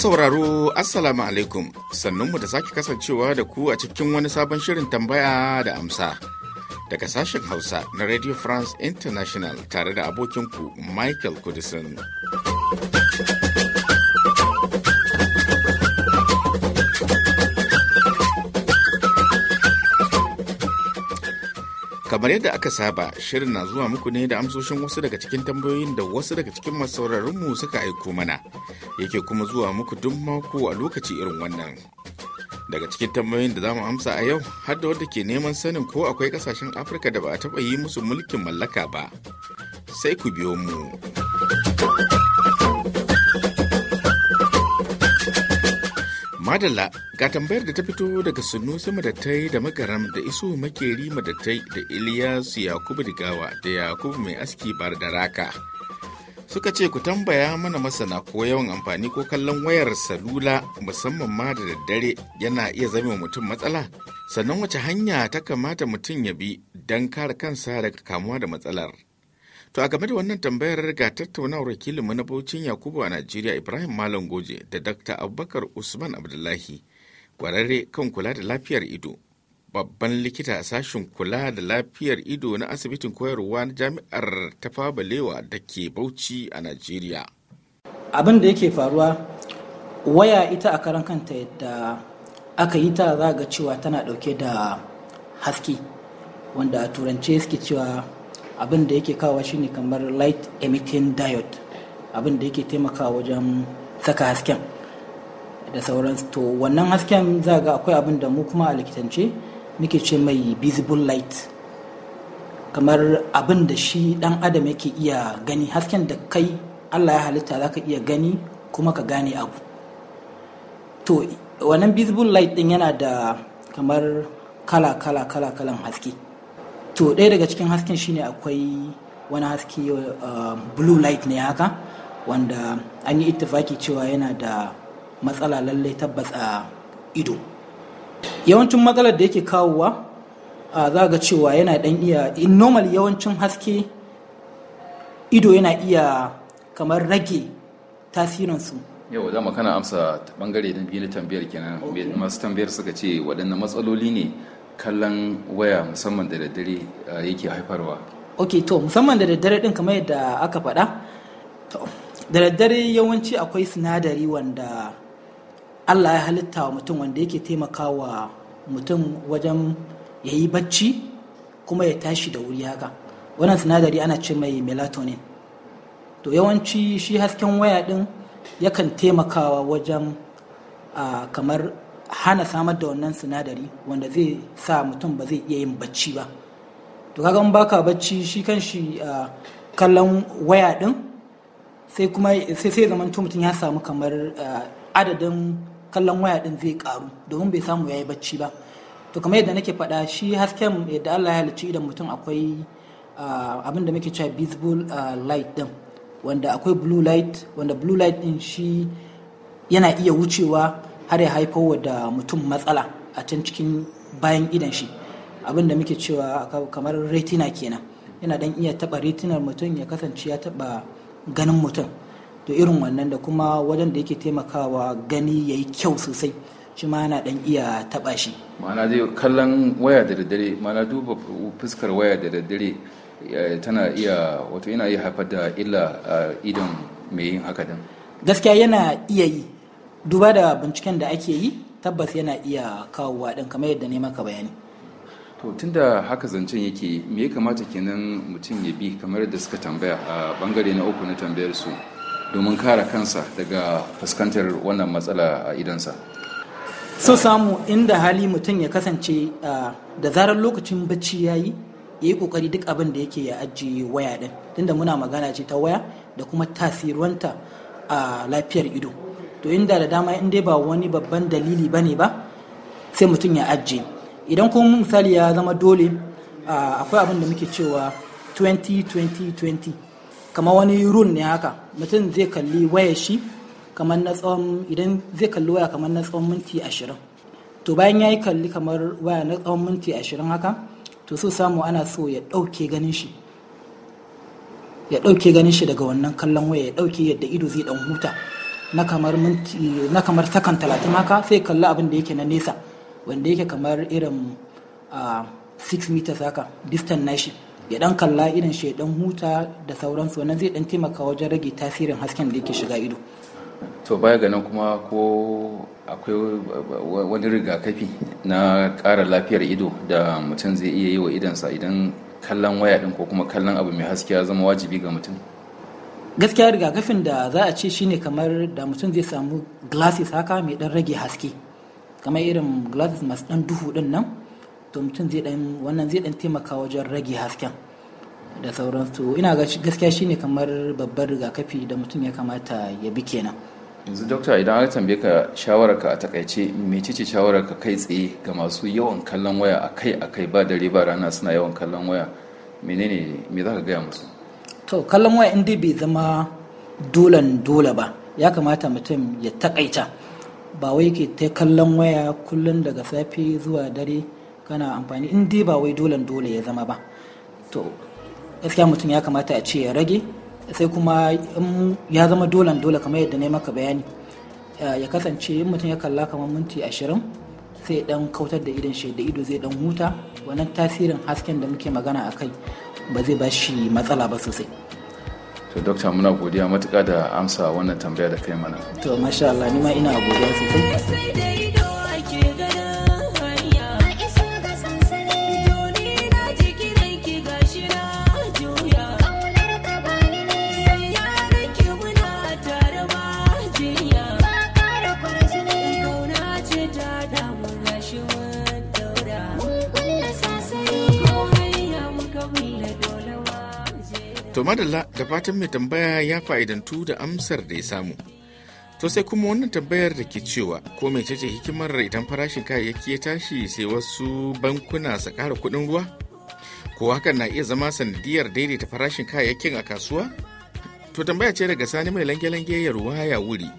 sauraro Assalamu alaikum sannunmu da sake kasancewa da ku a cikin wani sabon shirin tambaya da amsa daga sashen Hausa na Radio France International tare da abokinku Michael Kudisin. kamar yadda aka saba shirin na zuwa muku ne da amsoshin wasu daga cikin tambayoyin da wasu daga cikin masauraranmu suka aiko mana yake kuma zuwa muku duk mako a lokaci irin wannan daga cikin tambayoyin da zamu amsa a yau har da wadda ke neman sanin ko akwai kasashen afirka da ba a taɓa yi musu mulkin mallaka ba sai ku biyo mu Madalla ga tambayar da ta fito daga Sunusi Madattai da Magaram da iso Makeri Madattai da Ilyas Yakubu Digawa da Yakubu Mai Aski Bar da Raka. Suka ce ku tambaya mana masana ko yawan amfani ko kallon wayar salula musamman ma da daddare yana iya zama mutum matsala? Sannan wace hanya ta kamata mutum ya bi don kare kansa daga kamuwa da matsalar? To a game da wannan tambayar ga tattaunawar mu na Bauchin Yakubu a Najeriya Ibrahim Malam Goje da Dr. Abubakar Usman Abdullahi kwararre kan kula da lafiyar ido. Babban likita a sashen kula da lafiyar ido na asibitin koyarwa na jami'ar ta fabalewa da ke Bauchi a Najeriya. Abin da yake faruwa waya ita a karan kanta yadda aka yi ta za ga cewa tana dauke da haske wanda a turance suke cewa abin da yake kawo shine kamar light emitting diode abin da yake taimakawa wajen saka hasken da sauransu to wannan hasken za ga akwai abin da mu kuma a likitance muke ce mai visible light kamar abin da shi dan adam yake iya gani hasken da kai allah ya halitta za ka iya gani kuma ka gane abu to wannan visible light din yana da kamar kala kala kala kalan haske to ɗaya daga cikin hasken shine akwai wani haske um, blue light ne haka wanda an yi ittifaki cewa yana da matsala lallai tabbas a ido yawancin matsalar da yake kawowa za ga cewa yana dan iya in normal yawancin haske ido yana iya kamar rage tasirinsu yau mu kana amsa bangare don biyu na tambayar kenan masu tambayar suka ce waɗannan matsaloli ne kallon waya musamman da daddare eh, yake haifarwa ok to musamman da daddare din kamar yadda aka faɗa da daddare yawanci akwai sinadari wanda allah ya halitta wa mutum wanda yake taimakawa mutum wajen ya yi bacci kuma ya tashi da wuri haka wannan sinadari ana ce mai melatonin to yawanci shi hasken waya din yakan taimakawa wajen ah, kamar hana samar da wannan sinadari wanda zai sa mutum ba zai iya yin bacci ba to kaga in baka bacci shi kan shi ah, kallon waya din sai kuma sai sai zaman mutum ya samu kamar ah, adadin kallon waya din zai karu domin bai samu yayi bacci ba to kamar yadda nake faɗa shi hasken yadda Allah ya halicci idan mutum akwai ah, abin da muke cewa visible light din wanda akwai blue light wanda blue light din shi yana iya wucewa har ya haifo da mutum matsala a can cikin bayan idan shi abin da muke cewa kamar retina kenan yana dan iya taba retinar mutum ya kasance ya taba ganin mutum to irin wannan da kuma wajen da yake taimakawa gani ya yi kyau sosai shi ma yana dan iya taba shi ma'ana zai kallon waya da daddare ma'ana duba fuskar waya da daddare tana iya wato yana iya haifar da illa idan mai yin haka gaskiya yana iya yi duba da binciken da ake yi tabbas yana iya kawo waɗin kamar yadda ne maka bayani to tunda haka zancen yake me ya kamata kenan mutum ya bi kamar da suka tambaya a bangare na uku na tambayar su domin kare kansa daga fuskantar wannan matsala a idansa so samu inda hali mutum ya kasance da zarar lokacin bacci ya yi ya yi kokari duk abin da yake ya ajiye waya din tunda muna magana ce ta waya da kuma tasirwanta a lafiyar ido to inda da dama in dai ba wani babban dalili ba ne ba sai mutum ya ajiye idan kuma misali ya zama dole akwai abin da muke cewa 2020 kamar wani run ne haka mutum zai kalli waya shi kamar na tsawon idan zai kalli waya kamar na tsawon minti ashirin to bayan ya yi kalli kamar waya na tsawon minti ashirin haka to so samu ana so ya ɗauke ganin shi ya ɗauke ganin shi daga wannan kallon waya ya ɗauke yadda ido zai ɗan huta na kamar minti sakan talatin haka sai kalli abin da yake na nesa wanda yake kamar irin 6 meters haka distant nashi ya dan kalla irin shi dan huta da sauransu wannan zai dan taimaka wajen rage tasirin hasken da yake shiga ido to baya ga nan kuma ko akwai wani rigakafi na kara lafiyar ido da mutum zai iya yi wa idansa idan kallon waya din ko kuma kallon abu mai haske ya zama wajibi ga mutum gaskiya rigakafin da za a ce shine kamar da mutum zai samu glasses haka mai dan rage haske kamar irin glasses masu dan duhu din nan to mutum zai dan wannan zai dan taimaka wajen rage hasken da sauransu ina ga gaskiya shine kamar babbar rigakafi da mutum ya kamata ya bi kenan yanzu dokta idan aka tambaye ka shawararka a takaice mecece ka kai tsaye ga masu yawan kallon waya akai akai ba dare ba rana suna yawan kallon waya menene me za ka gaya musu to kallon waya in dai bai zama dolan dole ba ya kamata mutum ya takaita ba wai ke ta kallon waya kullum daga safe zuwa dare kana amfani in dai ba wai dolan dole ya zama ba to gaskiya mutum ya kamata a ce ya rage sai kuma ya zama dolan dole kamar yadda na maka bayani eh, ya kasance in mutum ya kalla kamar minti ashirin sai dan kautar da idon shi da ido zai dan huta wannan tasirin hasken da muke magana a kai ba zai ba shi matsala ba sosai to dokta muna godiya matuƙa da amsa wannan tambaya da kai mana to masha Allah ni ma ina godiya sosai To madalla da fatan mai tambaya ya fa'idantu da amsar da ya samu. To sai kuma wannan tambayar da ke cewa ko mai cece hikimar idan farashin kayayyaki ya tashi sai wasu bankuna su ƙara kuɗin ruwa? Ko hakan na iya zama sanadiyar daidaita farashin kayayyakin a kasuwa? To tambaya ce daga sani mai lange-lange ya ruwaya wuri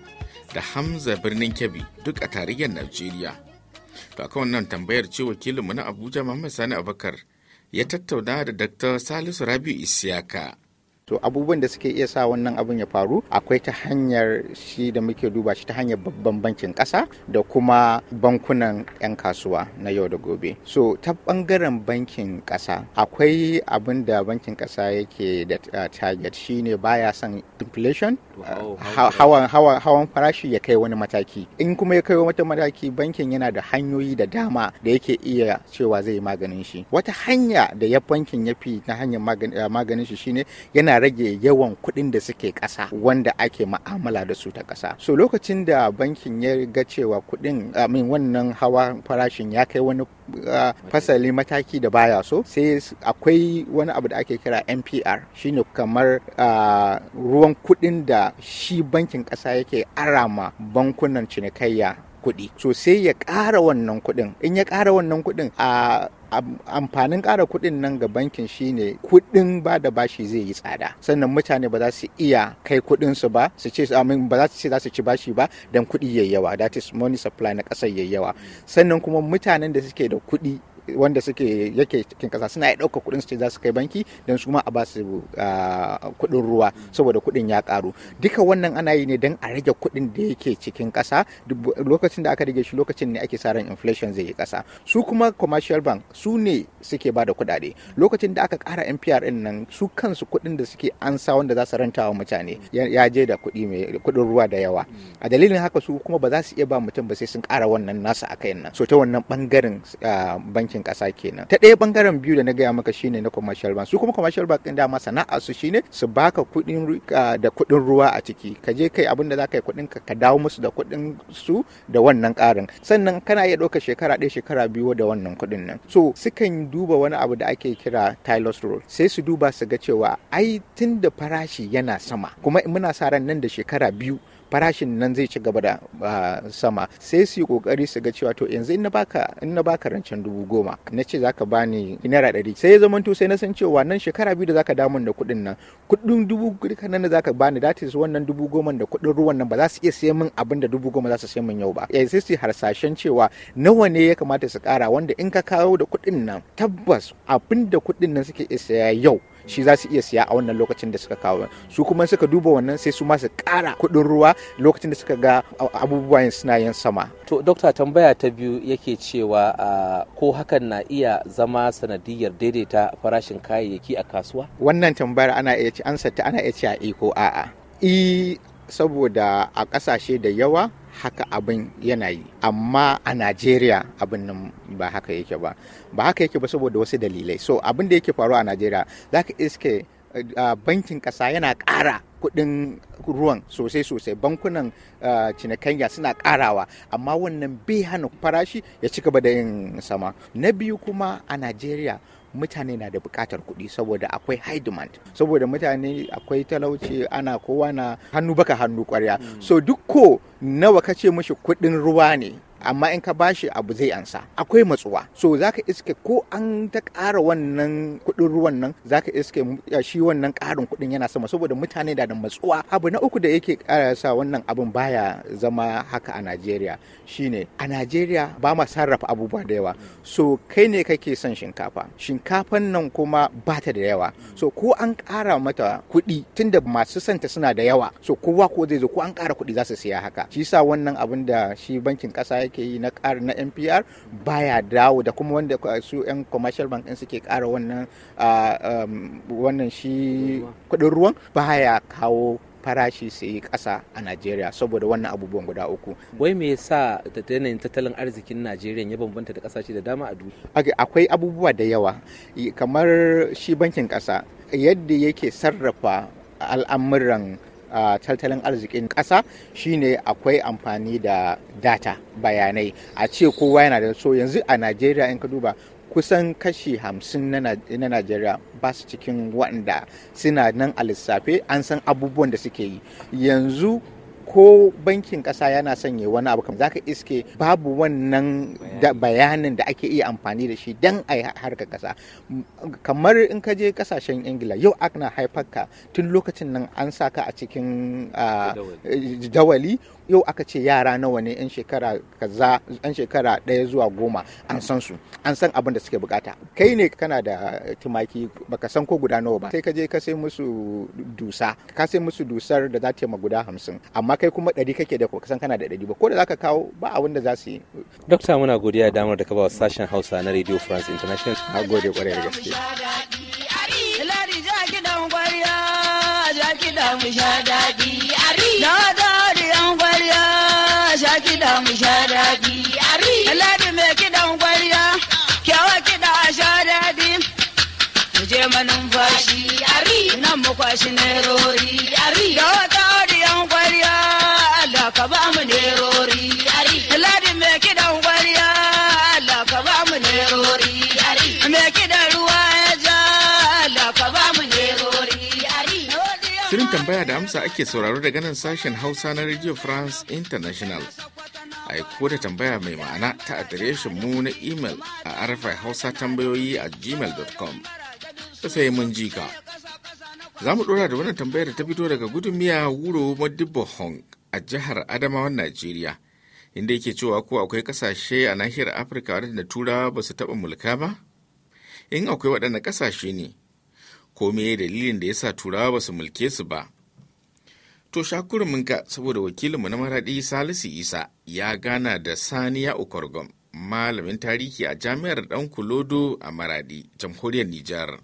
da Hamza birnin Kebbi duk a tarihin Najeriya. To akan wannan tambayar ce wakilinmu na Abuja Muhammad Sani Abubakar ya tattauna da Dr. Salisu Rabiu Isiyaka. to abubuwan da suke iya sa wannan abin ya faru akwai ta hanyar shi da muke duba shi ta hanyar babban bankin ƙasa da kuma bankunan 'yan kasuwa na yau da gobe so ta bangaren bankin ƙasa akwai abin da bankin kasa yake da target shine baya son inflation hawan farashi ya kai wani mataki in kuma ya kai wata mataki bankin yana da hanyoyi da dama da yake iya cewa zai maganin shi wata hanya da ya bankin ya fi na hanyar maganin shi shine yana rage yawan kuɗin da suke ƙasa wanda ake ma'amala da su ta ƙasa so lokacin da bankin ya ga cewa kuɗin amin wannan hawa farashin ya kai wani uh, fasali mataki da baya so sai akwai wani abu da ake kira npr shine kamar uh, ruwan kuɗin da shi bankin ƙasa yake arama bankunan cinikayya kuɗi so ya ƙara wannan kuɗin in ya ƙara wannan kuɗin a amfanin ƙara kuɗin nan ga bankin shine kuɗin ba da bashi zai yi tsada sannan mutane ba za su iya kai kuɗin su ba su ce ba za su ce za su ci bashi ba don kuɗi yayyawa yawa that is money supply na ƙasar yayi yawa sannan kuma mutanen da suke da kuɗi wanda suke yake cikin kasa suna ya ɗauka kuɗin su ce za su kai banki don su ma a ba su kuɗin ruwa saboda kuɗin ya karu duka wannan ana yi ne don a rage kuɗin da yake cikin kasa lokacin da aka rage shi lokacin ne ake sa ran inflation zai yi kasa su kuma commercial bank su ne suke ba da kuɗaɗe lokacin da aka kara NPR ɗin nan su kansu kuɗin da suke ansa wanda za su ranta wa mutane ya je da kuɗi mai kuɗin ruwa da yawa a dalilin haka su kuma ba za su iya ba mutum ba sai sun kara wannan nasa a kai nan so ta wannan ɓangaren banki bankin ƙasa kenan ta ɗaya bangaren biyu da na gaya maka shine na commercial bank su kuma commercial bank ɗin dama sana'a su shine su baka kuɗin da kuɗin ruwa a ciki ka je kai abin da za ka yi kuɗin ka ka dawo musu da kuɗin su da wannan ƙarin sannan kana iya ɗaukar shekara ɗaya shekara biyu da wannan kuɗin nan so sukan duba wani abu da ake kira tilos rule sai su duba su ga cewa ai tun da farashi yana sama kuma muna sa ran nan da shekara biyu farashin nan zai ci gaba da sama sai su yi kokari su ga cewa to yanzu in na baka in na baka rancen dubu goma na ce zaka bani naira ɗari sai ya zamanto sai na san cewa nan shekara biyu da zaka damu da kuɗin nan kuɗin dubu nan da zaka bani da su wannan dubu goma da kuɗin ruwan nan ba za su iya siyan min abin da dubu goma za su siyan min yau ba eh, sai su harsashen cewa nawa ne ya kamata su kara wanda in ka kawo da kuɗin nan tabbas abin da kuɗin nan suke iya saya yau shi za su iya siya a wannan lokacin da suka kawo su kuma suka duba wannan sai su masu su ƙara kuɗin ruwa lokacin da suka ga abubuwan suna yin sama to dokta tambaya ta biyu yake cewa ko hakan na iya zama sanadiyar daidaita farashin kayayyaki a kasuwa wannan tambayar ana iya ci ansa ta ana iya ci a iko e a'a e saboda a ƙasashe da yawa haka abin yana yi amma a najeriya abin nan ba haka yake ba ba haka yake ba saboda wasu dalilai so abin da yake faruwa a najeriya za zaka iske eh, bankin ƙasa yana ƙara kuɗin ruwan sosai-sosai bankunan eh, cinikanya suna ƙarawa amma wannan bai hana farashi ya ci gaba da yin sama na biyu kuma a najeriya mutane na da bukatar kuɗi saboda akwai high demand saboda mutane akwai talauci ana kowa na hannu baka hannu kwarya mm. so duk ko nawa kace mashi kuɗin ruwa ne amma in ka bashi abu zai ansa akwai matsuwa so zaka iske ko an ta ƙara wannan kuɗin ruwan nan zaka iske eh, shi wannan ƙarin kuɗin yana sama saboda mutane da da matsuwa abu na uku da yake sa wannan abin baya zama haka a Najeriya shine a Najeriya ba ma sarrafa abubuwa da yawa so kai ne kake son shinkafa shinkafan nan kuma ba ta da yawa so ko an ƙara mata kuɗi tunda masu santa suna da yawa so kowa ko zai zo ko an ƙara kuɗi za su siya haka shi sa wannan abun da shi bankin ƙasa yake yi na ƙara na NPR baya dawo da kuma wanda su 'yan commercial bank din suke ƙara wannan um, wannan shi kuɗin ruwan baya kawo farashi sai yi ƙasa a Najeriya saboda wannan abubuwan guda uku. Wai me yasa yanayin tattalin arzikin Najeriya ya bambanta da ƙasashe da dama a duniya? Akwai abubuwa da yawa kamar shi bankin ƙasa yadda yake sarrafa al'amuran tattalin arzikin ƙasa shine akwai amfani da data bayanai a ce kowa yana da so yanzu a najeriya in ka duba kusan kashi hamsin na najeriya ba su cikin waɗanda suna nan a lissafe an san abubuwan da suke yi yanzu ko bankin kasa yana sanya wani abu kamar zaka iske babu wannan bayanin da ake iya amfani da shi dan a harkar kasa kamar in ka je kasashen ingila yau akna ka tun lokacin nan an sa ka a cikin jawali yau aka ce yara nawa ne yan shekara kaza ɗaya zuwa goma an san su an san abin da suke bukata kai ne kana da tumaki baka san ko guda nawa ba sai ka je ka sai musu dusa ka sai musu dusar da za ta ma guda hamsin amma kai kuma ɗari kake da kusan kana da ɗari ba ko da zaka kawo ba abin da za su yi. Dokta muna godiya da damar da ka ba sashen Hausa na Radio France International. Na gode kwarai da gaske. Je manumfashi, ari, nan ari, ka ba mu nerori Ladi ladin me kidan Allah ka ba mu me kidan ruwa ya ja Allah ka ba mu Shirin tambaya da amsa ake sauraro daga nan sashen Hausa na Radio France International. aiko da tambaya mai ma'ana ta adireshin mu na imel a arafai hausa tambayoyi a gmail.com sai mun ji ka za mu dora da wannan tambayar da ta fito daga gudun miya wuro madibbo a jihar Adamawan Najeriya, inda yake cewa ko akwai kasashe a nahiyar Afirka waɗanda Turawa ba su taɓa mulka ba? In akwai waɗanda kasashe ne, ko me dalilin da ya sa Turawa ba su mulke su ba? To shakuruminka saboda wakilinmu na maraɗi Salisu Isa ya gana da Saniya Okorgom, malamin tarihi a jami'ar Ɗan Kulodo a maraɗi, jamhuriyar Nijar.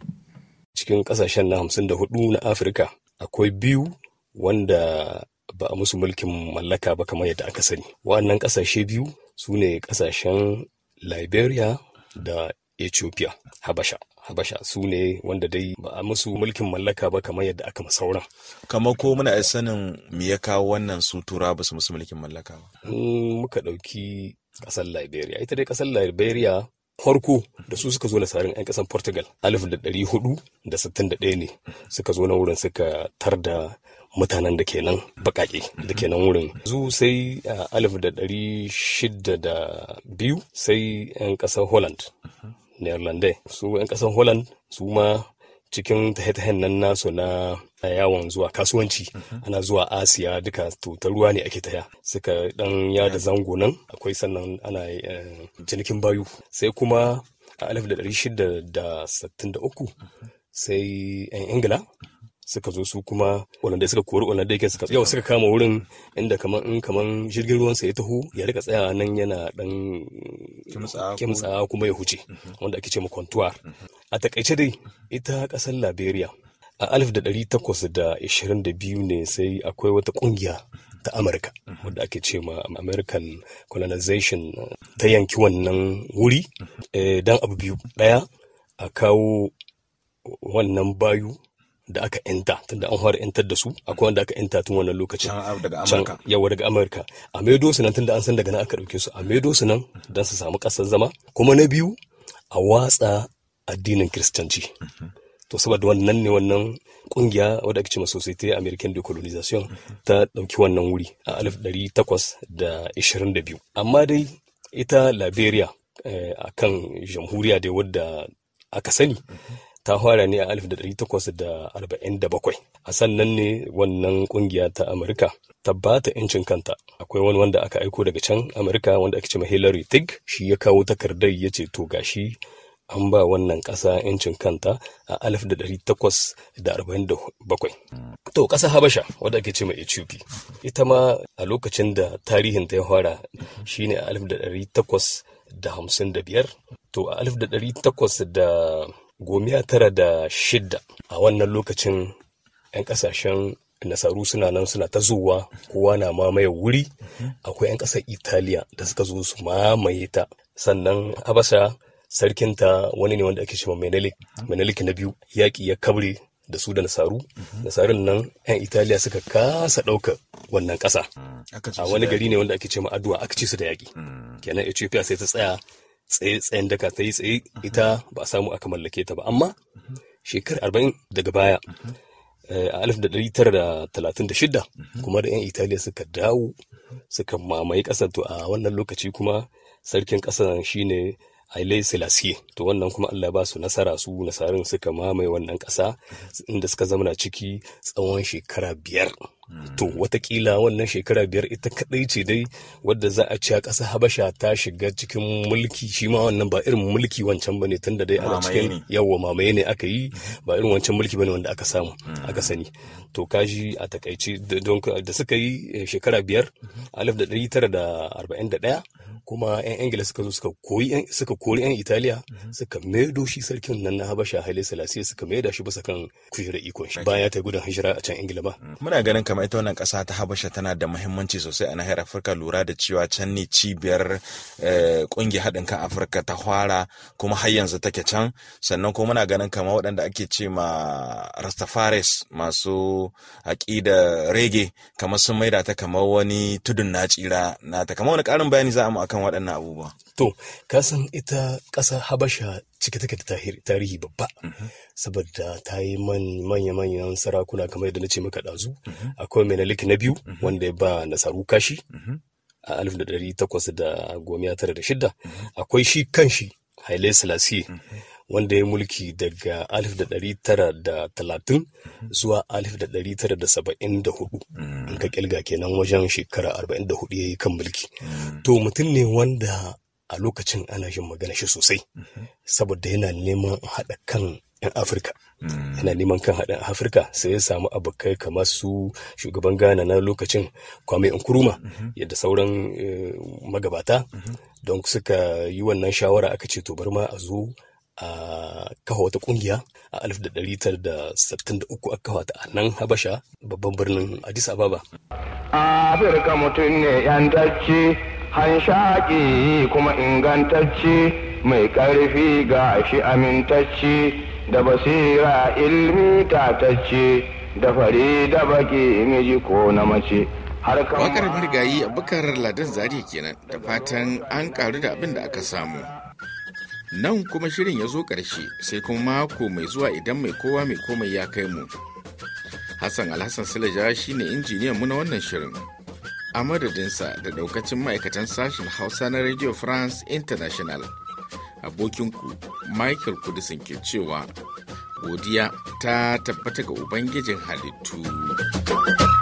Cikin kasashen na hamsin da hudu na Afirka, akwai biyu wanda ba a musu mulkin mallaka ba kamar yadda aka sani Wannan ƙasashe biyu su ne ƙasashen liberia da ethiopia habasha habasha su ne wanda dai ba a musu mulkin mallaka ba kamar yadda aka sauran kamar ko muna iya sanin me ya kawo wannan su tura ba su musu mulkin mallaka ba mm, muka ɗauki ƙasar liberia ita dai ƙasar liberia farko da su suka zo nasarar 'yan ƙasar portugal alif da ɗari hudu da sittin da ɗaya ne suka zo na wurin suka tar da mutanen da ke nan da ke nan wurin zu sai alif da ɗari shida da biyu sai 'yan ƙasar holland neerlandai su 'yan ƙasar holland su ma cikin tahe-tahen nan nasu na yawon zuwa kasuwanci ana zuwa asiya duka tutar ruwa ne ake taya suka dan yada zango nan akwai sannan ana eh, cinikin bayu sai kuma a 1663 sai 'yan ingila suka zo su kuma wanda suka kori da yake suka yau suka kama wurin inda kaman in kaman jirgin ruwansa ya taho ya rika tsaya nan yana dan kimtsa kuma ya huce mhm. wanda ake ce mhm. a takaice dai ita kasar liberia a alif da ɗari takwas da ishirin da ne sai akwai wata ƙungiya ta amurka mhm. wadda ake ce ma american colonization ta yanki wannan wuri eh, dan abu biyu ɗaya a kawo wannan bayu da aka yanta tunda an fara yantar da su akwai wanda aka inta tun wannan lokacin can yawa daga amurka a maido su nan tunda an san daga nan aka ɗauke su a maido su don su samu ƙasar zama kuma na biyu a watsa addinin kiristanci to saboda wannan ne wannan kungiya wadda ake cewa society american decolonization ta ɗauki wannan wuri a alif da da 1822 amma dai ita liberia eh, akan jamhuriya dai wadda aka sani ta fara ne a 1847 a sannan ne wannan kungiya ta amurka ta ba ta incin kanta akwai wani wanda aka aiko daga can amurka wanda aka cewa hillary tig shi ya kawo takardar ya ce to gashi an ba wannan kasa. 'yancin kanta a 1847. To, ƙasa Habasha, wadda ake ce mai Ethiopia, ita ma a lokacin da tarihin ta ya fara shi ne a 1855, to a 1800 gomiya tara da shidda a wannan lokacin 'yan kasashen nasaru suna nan suna ta zuwa kowa na mamaye wuri akwai 'yan ƙasar italiya da suka zo su mamaye ta sannan habasha sarkinta wani ne wanda ake shi menelik na biyu yaƙi ya kabre da su da nasaru nasarun nan 'yan italiya suka kasa ɗauka wannan ƙasa a wani gari ne wanda ake ma ma'aduwa aka ci su da yaƙi hmm. kenan ethiopia sai ta tsaya tsaye-tsayen daka ta yi tsaye ita ba a samu aka mallake ta ba amma shekar arba'in daga baya eh, a alif da ɗari tara da talatin da shida kuma da 'yan italiya suka dawo suka mamaye ƙasar to a wannan lokaci kuma sarkin ƙasar shine aile Selassie to wannan kuma Allah ba su nasara su nasarin suka mamaye wannan ƙasa inda suka zamana ciki tsawon shekara biyar to watakila wannan shekara biyar ita kadai ce dai wadda za a ci a ƙasa habasha ta shiga cikin mulki shi ma wannan ba irin mulki wancan ba ne tunda dai ana cikin yawa mamaye ne aka yi mm-hmm. ba irin wancan mulki ba ne wanda aka samu mm-hmm. aka sani to kashi a takaice da suka yi eh, shekara biyar mm-hmm. alif da ɗari tara da arba'in da ɗaya kuma 'yan ingila suka zo suka koyi kori 'yan italiya mhm. suka maido shi sarkin nan na habasha haile salasiya suka maida shi bisa kan kujerar ikon shi bayan ta gudun hijira a can ingila ba mm. muna ganin kamar ita wannan kasa ta habasha tana da muhimmanci sosai a nahiyar afirka lura da cewa can ne cibiyar kungiyar eh, haɗin kan afirka ta hwara kuma har yanzu take can sannan kuma muna ganin kamar waɗanda ake ce ma rastafares masu aƙida rege kamar sun maida ta kamar wani tudun na tsira na ta kamar wani ƙarin bayani za a mu akan kan waɗannan abubuwa to san ita ƙasa habasha cike take da tarihi babba mhm. saboda ta yi manya-manyan sarakuna kamar yadda na ce maka ɗazu mhm. akwai menelik na biyu mhm. wanda ya ba nasaru kashi a shidda akwai shi kan shi Haile Selassie wanda ya mulki daga 1930 zuwa 1974 mm. in ka kilga kenan wajen shekara 44 ya yi kan mulki mm. to mutum ne wanda a lokacin ana yin magana shi sosai mm-hmm. saboda yana neman haɗa kan 'yan afirka mm. yana neman kan haɗin afirka sai ya samu abokai kamar su shugaban ghana na lokacin kwame nkuruma mm-hmm. yadda sauran eh, magabata mm-hmm. don suka yi wannan shawara aka ce to bar ma a zo a kafa wata kungiya a 1963 aka kafa ta a nan habasha babban birnin addis ababa afirka mutum ne yantacce hanshaki kuma ingantacce mai ƙarfi ga shi amintacce da basira ilmi tatacce da fari da baki miji ko na mace Wakar marigayi bukar ladan zariya kenan da fatan an karu da abin da aka samu Nan kuma shirin ya zo ƙarshe sai kuma mako mai zuwa idan mai kowa mai komai ya kai mu. Hassan Alhassan Silaja shi ne injiniyan mu na wannan shirin. A madadinsa da ɗaukacin ma'aikatan sashen Hausa na Radio France International. Abokinku Michael Kudisin ke cewa godiya ta tabbata ga Ubangijin halittu.